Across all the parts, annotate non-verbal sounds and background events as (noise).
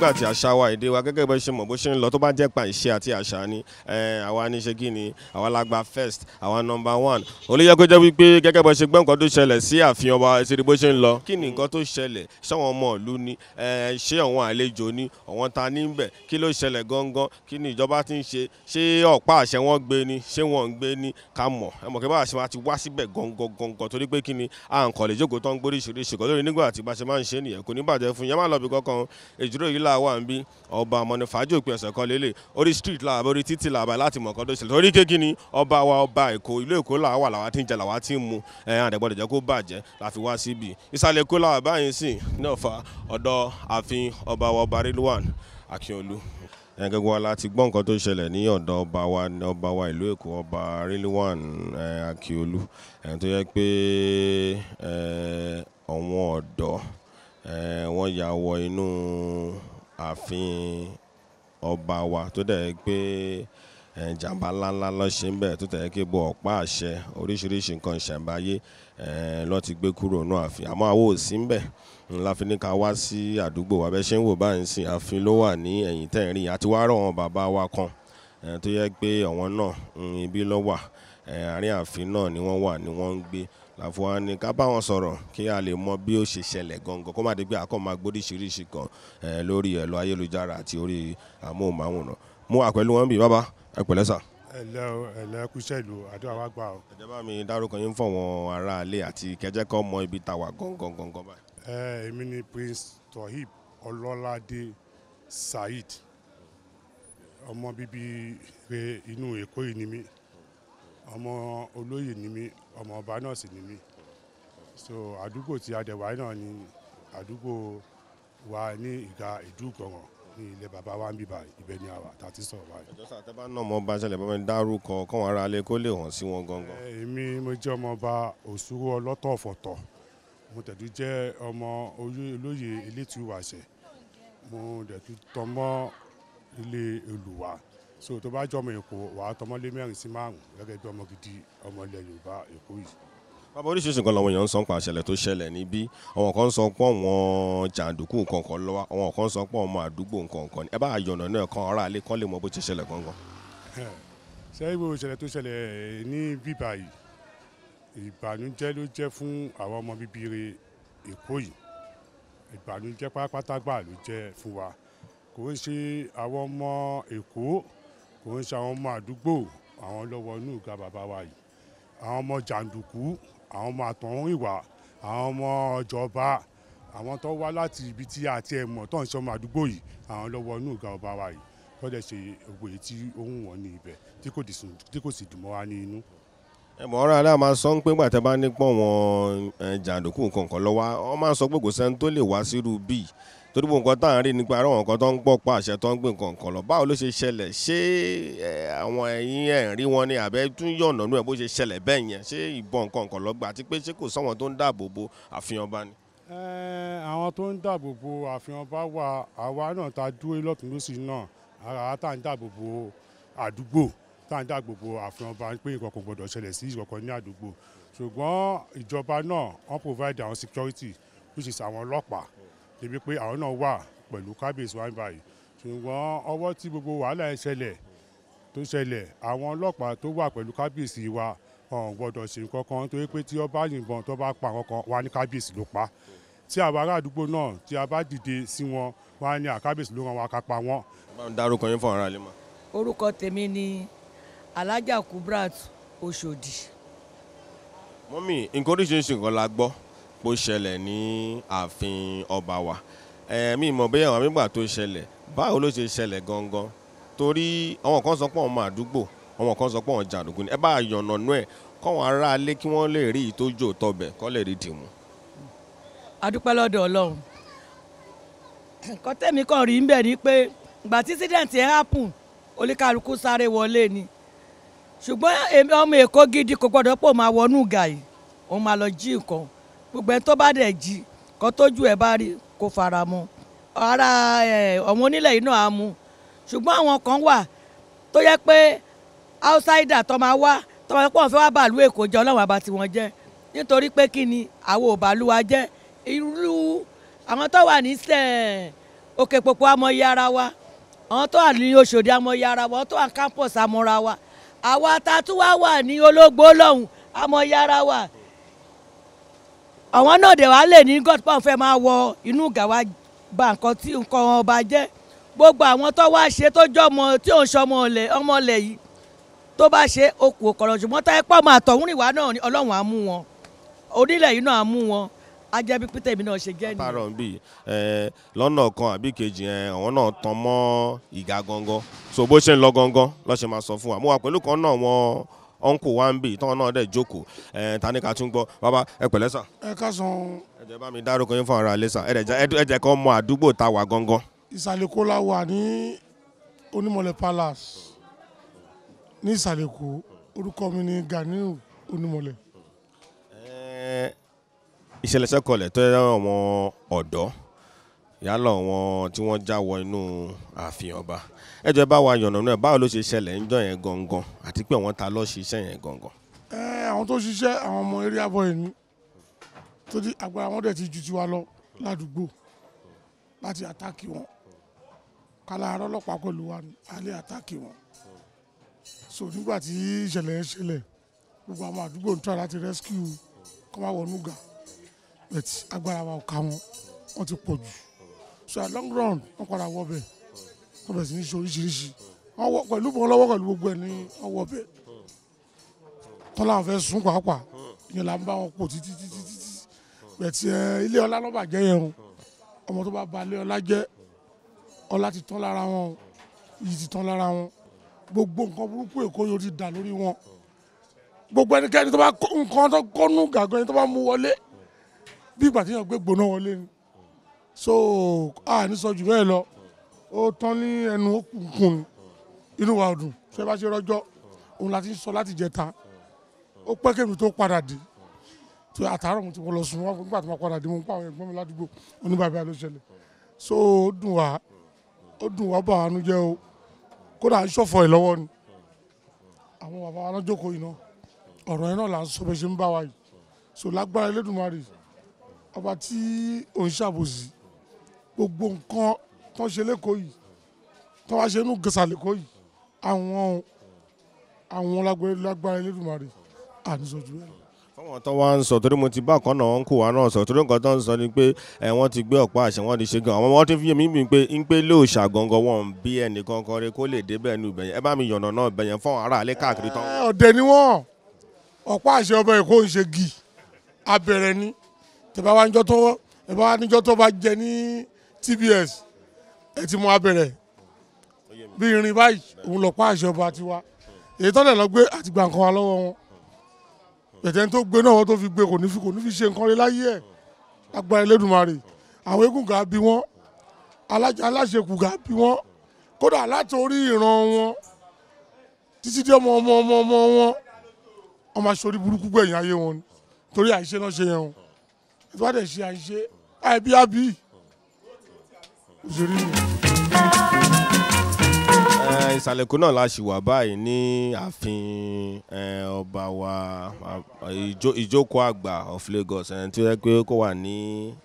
nígbà tí àṣà wa èdè wa gẹ́gẹ́ bó ṣe mọ̀ bó ṣe ń lọ tó bá jẹ́ pa ìṣe àti àṣà ni àwa ní ṣe kí ni àwa la gba first àwa number one olóyè kó jẹ́ wípé gẹ́gẹ́ bó ṣe gbọ́ nǹkan tó ṣẹlẹ̀ sí àfihàn wa ìṣèlú bó ṣe ń lọ kí ni nǹkan tó ṣẹlẹ̀ ṣáwọn ọmọ ìlú ni ṣé àwọn àlejò ni àwọn ta ní bẹ̀ kí ló ṣẹlẹ̀ gangan kí ni ìjọba ti ń ṣe ṣé ọ̀pá wàhálà wà ń bí ọba mọ̀nìfàájì òpin ọ̀sẹ̀ kan lélẹ̀ orí street làwọn orí títì làwọn láti mọ̀ kan tó ṣẹlẹ̀ torí kékin ni ọba wa ọba èkó ìlú èkó làwọn wà làwọn ti ń jẹ làwọn ti ń mu ẹ̀yàn àdẹ̀gbọ́dọ̀ jẹ́ kó bàjẹ́ láfi wá síbi ìsàlẹ̀ èkó làwọn báyìí sì náà fa ọ̀dọ̀ ààfin ọba wa ọba Rilwan Akínolú gẹ́gẹ́ wa láti gbọ́ nǹkan tó ṣẹlẹ̀ ní ọ̀dọ̀ ọba wa ọba wa ìlú Èkó ọba Rilwan Akiolu ẹni yẹ pé àwọn ọ̀dọ́ wọ́n ya wọ inú ààfin ọba wa tó dẹ̀ pé jàǹbá ńláńlá lọ ṣe ń bẹ̀ tó tẹ̀ kí bo ọ̀pá àṣẹ oríṣiríṣi nǹkan ìṣẹ̀ǹbáyé lọ ti gbé kúrò nù ààfin àmọ́ àwo ò sí ń bẹ̀ ńlá fi ní ká wá sí àdúgbò wa bẹ́ẹ̀ ṣe ń wò báyìí sí ààfin ló wà ní ẹ̀yìn tẹ̀rín àti wá rọ̀ wọn bàbá wa kan tó yẹ pé ọ̀wọ́n náà ibi ló wà àárín ààfin náà ni wọ́n wà ni wọ́n ń gbé làfọwọ́n ni ká bá wọn sọ̀rọ̀ kí a lè mọ bí ó ṣe ṣẹlẹ̀ gangan kó má dé pé àkọ́ máa gbóríṣiríṣi kan lórí ẹ̀rọ ayélujára àti orí amóhùnmáwòrán mú wà wọn bí bàbá ẹ pẹ̀lẹ́ sà. ẹ o ẹ lẹ kúṣẹ́ ìlú àdúrà wa gbà o. ẹ jẹ́ bá mi dárúkọ yín fọ̀wọ́n aráalé àti kẹjẹ́ kọ́ mọ ibi tàwa gangan gangan báyìí. ẹ èmi ni Prince Toheeb Ọlọ́ládé Saheed ọmọ bíbí inú Èkó yìí ni mí ọmọ olóyè ni mí ọmọ ọba náà sì ni mí so àdúgbò tí adẹ̀wà náà ni àdúgbò wa ní ìga ìdúgọ̀ràn ní ilé bàbá wa ń bíbà ibẹ̀ ni àwà tá a ti sọ̀rọ̀ báyìí. ẹjọ́ sáà tẹ́bá náà ọmọ ọba ṣẹlẹ̀ bá mi dárúkọ kọ́wọn ará alẹ́ kó lè hàn sí wọn gangan. èmi mo jẹ́ ọmọ ọba òṣùwò ọlọ́tọ̀ ọ̀fọ̀tọ̀ mo tẹ̀dú jẹ́ ọmọ olóyè elétùwàṣẹ mo tẹ̀dú tọmọ ilé olùwà so tó bá jọmọ èkó wàá tọmọlé mẹ́rin sí márùn gẹ́gẹ́ bí ọmọ gidi ọmọ ilẹ̀ yorùbá èkó yìí bàbá oríṣiríṣi nǹkan làwọn èèyàn ń sọ pa àṣẹlẹ̀ tó ṣẹlẹ̀ níbí àwọn kan ń sọ pé àwọn jàǹdùkú nǹkankan lọ́wọ́ àwọn kan ń sọ pé ọmọ àdúgbò nǹkankan ni ẹ bá yọ̀nà náà kan ara alẹ́ kọ́ lè mọ bó ti ṣẹlẹ̀ gangan. sẹ́yìn (laughs) gbogbo ìṣẹ̀lẹ̀ tó ṣẹlẹ̀ eh, ní bíbá yìí ìbànújẹ́ ló jẹ́ fún àwọn ọmọ bíbí èkó yìí ìbànújẹ́ pátápátá gbà ló jẹ́ fún wa kò ń ṣe àwọn ọmọ èkó kò ń ṣe àwọn ọmọ àdúgbò àwọn lọ́wọ́ inú ìgbà bàbá wa yìí àwọn ọmọ jàǹdùkú àwọn ọmọ àtọ̀hún ìwà àwọn ọmọ ìjọba àwọn tó wá láti ibi tí a ti ẹ̀ mọ̀ tó ń ṣe ọmọ àdúgbò yìí àwọn lọ́wọ́ inú ìgbà bàbá wa yìí tó dẹ̀ ṣe ògbò èyí tí ó ń wọ̀n ní ibẹ̀ tí kò sì dùn mọ́ wa ní inú. ẹ̀bùn ọ̀rọ̀ adá máa sọ ń pé gbàtẹ́ bá nípọ̀ wọn jàǹdùkú kọ̀ọ̀kan lọ́wọ́ ọ máa sọ pé sẹ́ni tó lè wá sírú bíi torí gbogbo nǹkan tá à ń rí nípa àwọn nǹkan tó ń pọ̀ pa àṣẹ tó ń gbé nǹkan kan lọ báwo ló ṣe ṣẹlẹ̀ ṣé àwọn ẹ̀yìn ẹ̀ ń rí wọn ni àbẹ́ tún yọ̀nà nú ẹ̀ bó ṣe ṣẹlẹ̀ bẹ́ẹ̀ yẹn ṣé ìbọn nǹkan kan lọ gbà àti pé ṣé kò sọ́wọ́n tó ń dáàbò bo àfihàn bá ni. àwọn tó ń dáàbò bo àfihàn bá wà àwa náà ta dúró lọ́tún náà ara tá à ń dáàbò bo àdúgbò tá à ń dáàbò bo àfihàn bá pé nǹkan kò gbọdọ̀ ṣẹlẹ̀ sí ìkọ̀kan ní àdúgbò ṣùgbọ́n débi pé àwọn náà wà pẹ̀lú kábíyèsí wa báyìí ṣùgbọ́n ọwọ́ tí gbogbo wàhálà ẹ̀ ṣẹlẹ̀ tó ṣẹlẹ̀ àwọn ọlọ́pàá tó wà pẹ̀lú kábíyèsí wa ọ̀hún gbọ́dọ̀ ṣe nǹkan kan torí pé tí ọba yìnbọn tó bá pa àwọn kan wà ní kábíyèsí ló pa tí àwọn ará àdúgbò náà tí a bá dìde sí wọn wá ní àkábíyèsí ló ràn wá kápá wọn. bá yín fún ara rẹ mọ. orúkọ tèmi ni alájà Kubrat Òṣòdì. mọ́mì nǹkan oríṣiríṣi nǹkan la gbọ́ pó ṣẹlẹ̀ ní ààfin ọba wa ẹ̀ẹ́mí ìmọ̀ bẹ́ẹ̀ àwọn àmìgbà tó ṣẹlẹ̀ báwo ló ṣe ṣẹlẹ̀ gangan torí àwọn kan sọ pé àwọn àdúgbò àwọn kan sọ pé àwọn jàǹdùkú ni ẹ bá yànnà nú ẹ̀ kọ́wọn ará alé kí wọ́n lè rí ìtójú òtọ́bẹ̀ kọ́ lè rí dìmú. adúpẹ́ lọ́dọ̀ ọlọ́run nǹkan tẹ̀mí kan rí ń ni pé ìgbà tí sídẹ̀ǹtì ẹ̀ hápùn oníkàlùkù sáré wọlé ni ṣùgbọ́n ọmọ èkó gidi kò gbọ́dọ̀ pò máa wọnú gàì òun máa lọ jí nǹkan gbogbo ẹni tó bá dẹ̀ jí kan tójú ẹ̀ bá rí kó fara mu ara ọ̀wọ́n onílẹ̀ yìí náà á mu ṣùgbọ́n àwọn kan wà tó yẹ pé outsider tó máa wá tó máa pọ̀ fẹ́ wá bàálù èkó jẹ́ ọlọ́run àbá tiwọn jẹ́ nítorí pé kí ni àwọn bàálù wa jẹ́ irú àwọn tó wà ní sẹ́ẹ̀ òkè pòpò amọ̀yẹ ara wa àwọn tó wà ní Òṣòdì amọ̀yẹ ara wa àwọn tó wà ní campus amọ̀ra wa àwa ta tún wá wà ní ológbò lọ́hùn amọ̀yẹ ara wa àwọn náà dẹ̀ wá lè ní god pound fẹ́ máa wọ inú gàwa ba nǹkan tí nǹkan ọba jẹ́ gbogbo àwọn tó wá ṣe tó jọ ọmọ tí òun ṣọmọ ọlẹ ọmọ ọlẹ yìí tó bá ṣe okùn òkọ̀rọ̀ ṣùgbọ́n táyé pọ̀ máa tọ̀hún rìn náà ni ọlọ́run á mú wọn onílẹ̀ yìí náà á mú wọn ajẹ́bí pété mi náà ṣe gẹ́ ni. àtàrọ̀ bíi lọ́nà kan àbí kejì yẹn àwọn náà tan mọ́ ìgà gangan so bó ṣe ń lọ gangan lọ́ ṣe máa sọ fún wa mo wà pẹ̀lú kan náà wọn uncle wa ń bì tán náà dẹ̀ jókòó ẹ̀ ta ni ká tún gbọ́ bàbá ẹ pẹ̀lẹ́ sà. ẹ ká sàn. ẹ jẹ́ bá mi dárúkọ yín fún ara ilé sà ẹ jẹ́ kó mọ àdúgbò tá wà gangan. ìsàlẹ̀ Èkó la wà ní Onímọ̀lẹ̀ Palace ní ìsàlẹ̀ Èkó orúkọ mi ni Ganiu Onímọ̀lẹ̀. ìṣẹ̀lẹ̀ sẹ́kọ̀ọ́lẹ̀ tó yẹ ọmọ ọ̀dọ́ yálà wọn tí wọ́n já wọ inú ààfin ọba ẹjọ́ bá wa yànnà náà báwo ló ṣe ṣẹlẹ̀ ń jọ yẹn gangan àti pé wọ́n ta lọ́ọ́ ṣiṣẹ́ yẹn gangan. ẹ àwọn tó ṣiṣẹ́ àwọn ọmọ eré abọ́ ẹ̀ ni tó di agbára wọn dẹ̀ ti ju tiwa lọ ládùúgbò láti àtàkì wọn kálá àárọ̀ ọlọ́pàá pẹ̀lú wa alẹ́ àtàkì wọn so nígbà tí ìṣẹ̀lẹ̀ yẹn ṣẹlẹ̀ gbogbo àwọn àdúgbò ń tọ́ láti rescue kọ́ máa wọnú ga bẹ̀tì agbára wa ò ká wọn wọ́n ti pọ̀ jù so at long run wọ́n padà wọ bẹ̀ wọ́n bẹ̀rẹ̀ sí ní ṣe oríṣiríṣi wọ́n wọ pẹ̀lú bọ́ lọ́wọ́ pẹ̀lú gbogbo ẹ̀ ní ọwọ́ bẹ̀ tọ́lá àwọn fẹ́ sún pàápàá ìyẹn là ń bá wọn pò títí títí títí bẹ̀tì ẹ eh, ilé ọlá lọ́ba jẹ́ yẹn o ọmọ tó bá ba ilé ọlá jẹ́ ọlá ti tán lára wọn o yìí ti tán lára wọn gbogbo nǹkan burúkú èkó yóò ti dà lórí wọn gbogbo ẹnikẹ́ni tó bá nǹkan tó kọ́nú gàgán ẹni tó bá mú wọlé bí ìgbà tí yàn gbé gbóná wọlé ni so a ní sọ jù bẹ́ẹ̀ lọ ó tán ní ẹnu òkùnkùn ni inú wa ò dùn fẹ́ bá ṣe rọ́jọ́ òun láti sọ láti jẹta ó pẹ́ kébì tó padà dé tó àtàárọ̀ mo ti wọ́n lọ sùn wọn nígbà tó máa padà dé mo ń pa àwọn ẹ̀gbọ́n mi ládùúgbò oníbàbá ló ṣẹlẹ̀ so ó dùn wá ó dùn wá bá àánú jẹ́ o kódà ń ṣọ̀fọ̀ ẹ̀ lọ́wọ́ ni àwọn bàbá wa lọ́jọ́kọ̀ iná ọ̀rọ̀ ẹ̀ náà là ń sọ bẹ́ẹ̀ ṣe ń bá wa yìí so lágbára Elédùmarè ọba tí òun ṣàbòsí gbogbo nǹkan tó ń ṣe lẹ́kọ̀ọ́ yìí tó wá ṣe inú gẹ̀sà lẹ́kọ̀ọ́ yìí àwọn àwọn lágbára Elédùmarè àníṣojú ẹ̀ fọwọ́n tó wá ń sọ torí mo ti bá kan náà ń kó wa náà sọ torí nǹkan tó ń sọ ni pé wọ́n ti gbé ọ̀pá àṣẹ wọ́n ti ṣe gan àwọn ọmọ tó fi yé mi bí pé ń pé lè ṣà gangan wọn bí ẹnìkan kan rẹ kó lè débẹ̀ ní ibẹ̀yẹn ẹ bá mi yànnà náà ibẹ̀yẹn fọwọ́n ara àlẹ́ káàkiri tán. ọ̀dẹ̀ ni wọ́n ọ̀pá àṣẹ ọbẹ̀ kò ń ṣe gì abẹ̀rẹ̀ ni tẹ̀bá wa níjọ́ tó bá jẹ ní TBS ẹ ti mú abẹ́rẹ́ bí irin báyìí òun lọ́pàá àṣọba tiwa èyí tọ́lẹ̀ lọ gbé àtìgbà nǹkan wa lọ́wọ́ wọn bẹ̀tẹ̀ tó gbé náà wọ́n tó fi gbé kò ní fi kò ní fi ṣe nǹkan rẹ láyé ẹ̀ agbára Elédùmarè àwọn eégún gà bí wọ́n aláṣekù gà bí wọ́n kódà láti ìran wọn títí dé ọmọ ọmọ ọmọ ọmọ wọn ọmọ aṣọ́rí burúkú gbẹ̀yìn ayé wọn torí àìṣe náà ṣe yẹn o ìtúwádẹ̀ ṣe àìṣe àìbí àbí. Eh, ìsàlẹ̀ kó náà la ṣì wà báyìí ní ààfin eh, ọba wa ìjókòó àgbà of Lagos eh, tí ó yẹ pé kó wà ní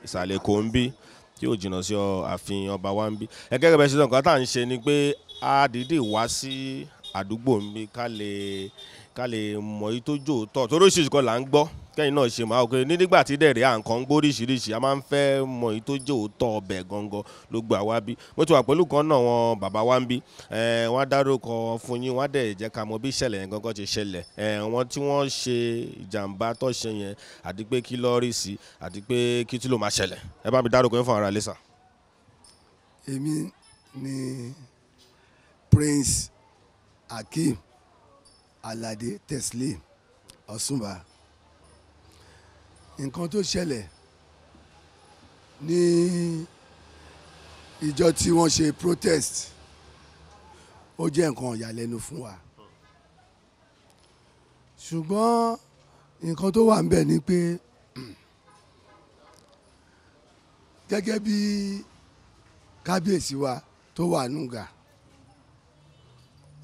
ìsàlẹ̀ kó ń bí tí ò jìnnà sí ààfin ọba wa ń bí ẹgẹ́ gẹ́gẹ́ bẹ́ẹ̀ ṣe sọ tá à ń ṣe ni pé a dìídì wá sí àdúgbò ń bí ká lè ká lè mọ̀ yìí tó jò tọ̀ torí oṣù kan là ń gbọ́ kẹ́yìn náà ṣe máa òkè ní nígbà tí dẹ̀rẹ̀ à ń kàn ń gbóríṣiríṣi a máa ń fẹ́ mọ̀ yìí tó jò tọ̀ ọbẹ̀ gangan ló gbà wá bí mo ti wà pẹ̀lú kan náà wọn bàbá wa ń bí wọ́n dárúkọ fún yín wọ́n dẹ̀ jẹ́ ká mọ̀ bí ìṣẹ̀lẹ̀ yẹn gangan ti ṣẹlẹ̀ wọ́n tí wọ́n ṣe ìjàmbá tó yẹn àti pé kí ló rí sí àti pé kí tí ló máa ṣẹlẹ̀ ẹ bá mi dárúkọ yín fún ara lẹ́sà. èmi ni Prince Akeem aládé tẹ̀sílẹ̀ ọ̀ṣunbà nǹkan tó ṣẹlẹ̀ ní ìjọ tí wọ́n ṣe protest ó jẹ́ nǹkan ìyàlẹ́nu fún wa ṣùgbọ́n nǹkan tó wà ń bẹ̀ ni pé gẹ́gẹ́ bí kábíyèsí wa tó wà nùgà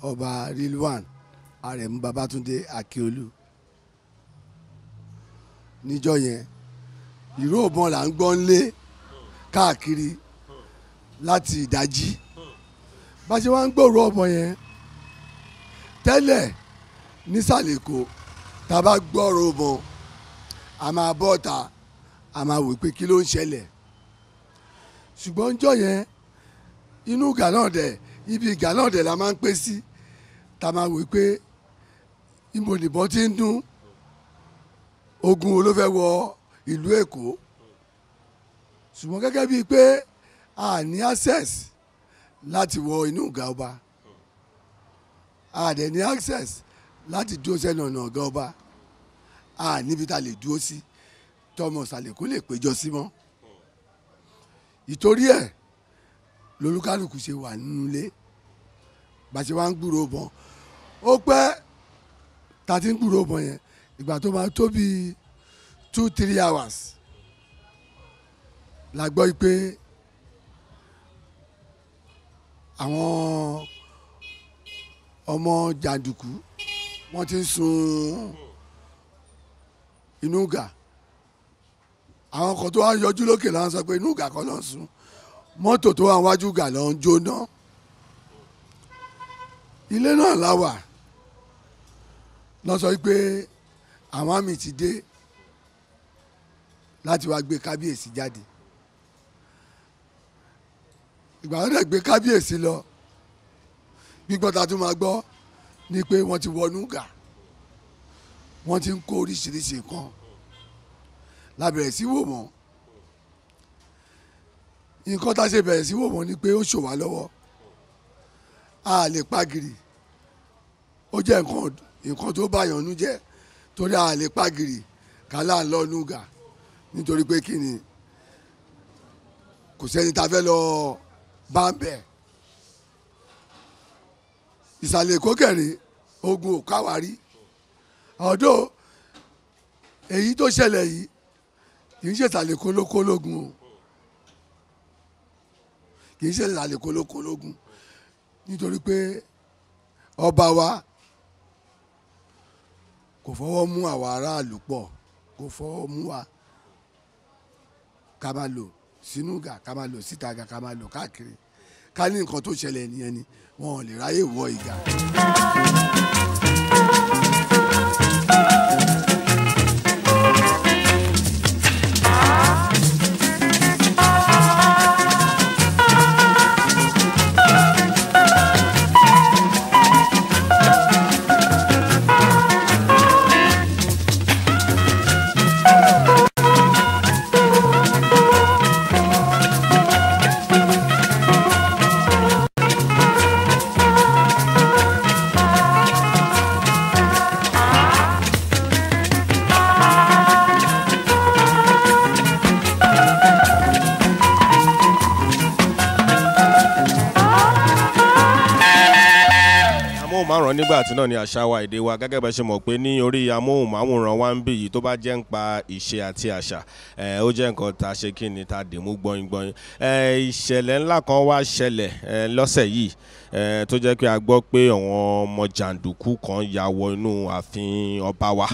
ọba rilwan àrẹ̀mú babátúndé akíolú níjọ́ yẹn ìró òbọn là ń gbọ́ nlé káàkiri láti ìdájí bá ṣe wá ń gbòòrò ọ̀bọ̀n yẹn tẹ́lẹ̀ nísàlẹ̀ èkó tá a bá gbọ́ọ̀rọ̀ ọ̀bọ̀n a máa bọ́ ọ̀tà a máa wò pé kí ló ń ṣẹlẹ̀ ṣùgbọ́n ń jọ yẹn inú ìgà náà dẹ̀ ibi ìgà náà dẹ̀ la máa ń pé sí tá a máa wò pé níbo nìbọn ti ń dún ogun wo ló fẹ́ wọ ìlú èkó ṣùgbọ́n gẹ́gẹ́ bíi pé a ní access láti wọ inú ọ̀gá ọba a dẹ̀ ní access láti dúró sẹ́nu ọ̀nà ọ̀gá ọba a níbi tá a lè dúró sí tọmọ ṣàlékún lè péjọ sí mọ́ ìtorí ẹ̀ lolúkálùkù ṣe wà nínú ilé bá ṣe ń gbúròó bọ́n ó pẹ́ tá a ti ń gbúrò ọmọ yẹn ìgbà tó máa tó bíi two three hours la gbọ́ pé àwọn ọmọ jàǹdùkú wọ́n ti ń sun inú gà àwọn kan tó wá yọjú lókè là ń sọ pé inú gà kan ló ń sun mọ́tò tó wà wájú gà ló ń jóná ilé náà la wà lọ sọ pé àwọn àmì ti dé láti wá gbé kábíyèsí jáde ìgbà wọn dẹ̀ gbé kábíyèsí lọ gbígbọ́ ta tún máa gbọ́ ni pé wọ́n ti wọnú gà wọ́n ti ń kó oríṣiríṣi nǹkan lábẹ̀rẹ̀ sí wò wọ́n nǹkan tá a ṣe bẹ̀rẹ̀ sí wò wọ́n ni pé ó ṣòwà lọ́wọ́ a lè pagiri ó jẹ́ nǹkan ọdún nǹkan tó báyọ̀ nu jẹ́ torí a lè pàgìrì kálá lọ́nu gà nítorí pé kí ni kò sẹ́ni tá a fẹ́ lọ bá ń bẹ̀. ìsàlẹ̀ èkó kẹrin ogun ò ọ̀dọ́ èyí tó ṣẹlẹ̀ yìí kì í ṣe ìsàlẹ̀ o kì í ṣe ìsàlẹ̀ nítorí pé ọba wa kò fọwọ́ mú àwa aráàlú pọ̀ kò fọwọ́ mú wa ká máa lò sínú gà ká máa lò síta ga. ká máa lò káàkiri ká ní nǹkan tó ṣẹlẹ̀ nìyẹn ni wọn ò lè ráyè wọ ìgà. nígbà tí náà ni àṣà wa èdè wa gẹ́gẹ́ bẹ́ẹ̀ ṣe mọ̀ pé ní orí amóhùnmáwòrán wa ń bì yìí tó bá jẹ́ ń pa ìṣe àti àṣà ó jẹ́ nǹkan tá ṣe kí ni tá a gbọ́in gbọ́in ìṣẹ̀lẹ̀ ńlá kan wá ṣẹlẹ̀ lọ́sẹ̀ yìí tó jẹ́ pé a gbọ́ pé àwọn ọmọ jàǹdùkú kan ya wọ inú ààfin ọba wa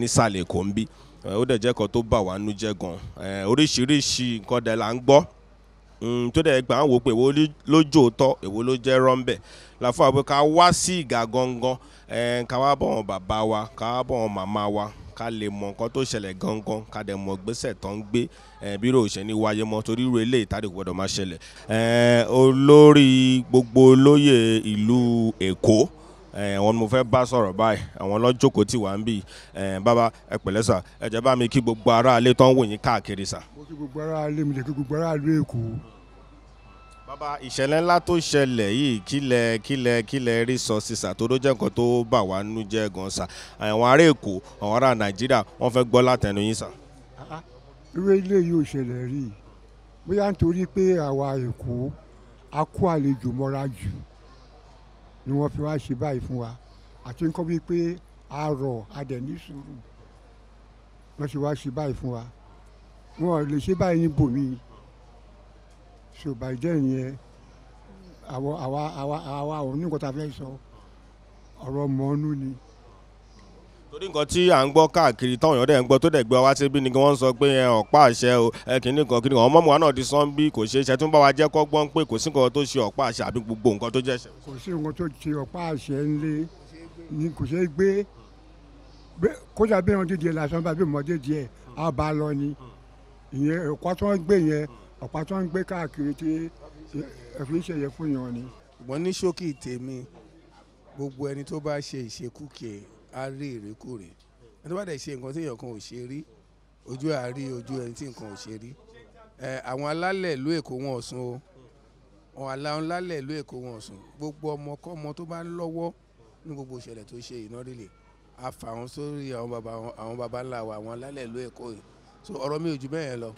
nísàlẹ̀ kòńbí ó dẹ̀ jẹ́ kan tó bà wá nú jẹ́ gan oríṣiríṣi nǹkan dẹ̀ là ń gbọ́ tó dẹ̀ gbà ń wò pé èwo lójòótọ́ èwo ló jẹ́ rọ́ńbẹ̀ làfọ àbẹ ká wá sí ìgà gangan ká wá bọ̀ wọn bàbá wa ká wá bọ̀ wọn màmá wa ká lè mọ nǹkan tó ṣẹlẹ̀ gangan ká dẹ̀ mọ gbésẹ̀ tó ń gbé bírò òṣèlú wáyé mọ́ torí irú eléyìí tá a lè gbọ́dọ̀ máa ṣẹlẹ̀ olórí gbogbo olóyè ìlú Èkó àwọn ni mo fẹ́ bá sọ̀rọ̀ báyìí àwọn lọ́jọ́kọ̀ tí wà ń bì bàbá ẹ pẹ̀lẹ́ sà ẹ jẹ́ bá mi kí gbogbo aráalé tó ń wò yín káàkiri sà. mo kí gbogbo aráalé mi lè kí gbogbo aráalé Èkó bàbá ìṣẹ̀lẹ̀ ńlá tó ṣẹlẹ̀ yìí kílẹ̀ kílẹ̀ kílẹ̀ rí sọ sísà tó ló jẹ́ nǹkan tó bà wá nínú jẹ́ gan sa àwọn ará èkó àwọn ará nàìjíríà wọ́n fẹ́ gbọ́ látẹnu yín sà. Ah, irú ilé yìí ò ṣẹlẹ̀ rí i bóyá nítorí pé àwa èkó a kó àlejò mọ́ra jù ni wọ́n fi wá ṣe báyìí fún wa àti nǹkan bíi pé a rọ̀ a ní sùúrù wọ́n ṣe wá ṣe báyìí fún wa wọn ò lè ṣe báyìí níbòmíì ṣùgbọ́n ìjẹ́ ìyẹn àwa àwa àwa àwa ò ní nǹkan tá a fẹ́ sọ ọ̀rọ̀ mọ́nú ni. torí nǹkan tí à ń gbọ́ káàkiri táwọn èèyàn dẹ̀ ń gbọ́ tó dẹ̀ gbé wá síbí ni wọ́n ń sọ pé ọ̀pá àṣẹ o kìíní kan kìíní kan ọmọ mùwá náà di sán bí kò ṣe é ṣe tún bá wa jẹ́ kọ́ gbọ́n pé kò sí nǹkan tó ṣe ọ̀pá àṣẹ àbí gbogbo nǹkan tó jẹ́ ṣe. kò sí nǹkan tó ṣe ọ̀pá àṣẹ ńlẹ̀ ni kò ṣe gbé kódà ọ̀pá tó ń gbé káàkiri tí ẹ̀fín ṣẹ̀yẹ fún yàn ni. ṣùgbọ́n ní ṣókí tèmi gbogbo ẹni tó bá ṣe ìṣekúkè á rí ìrékùrè ẹni tó bá dẹ̀ ṣe nǹkan tí èèyàn kan ò ṣe rí ojú àárí ojú ẹni tí nǹkan ò ṣe rí àwọn alálẹ̀ ìlú èkó wọn ò sùn o àwọn alálẹ̀ ìlú èkó wọn ò gbogbo ọmọkọ́mọ tó bá lọ́wọ́ ní gbogbo ìṣẹ̀lẹ̀ tó ṣe ìnárílẹ̀ àfàwọn sórí àwọn baba ńlá wa àwọn alálẹ̀ ìlú èkó yìí so ọ̀rọ̀ mi ò jù bẹ́ẹ̀ lọ.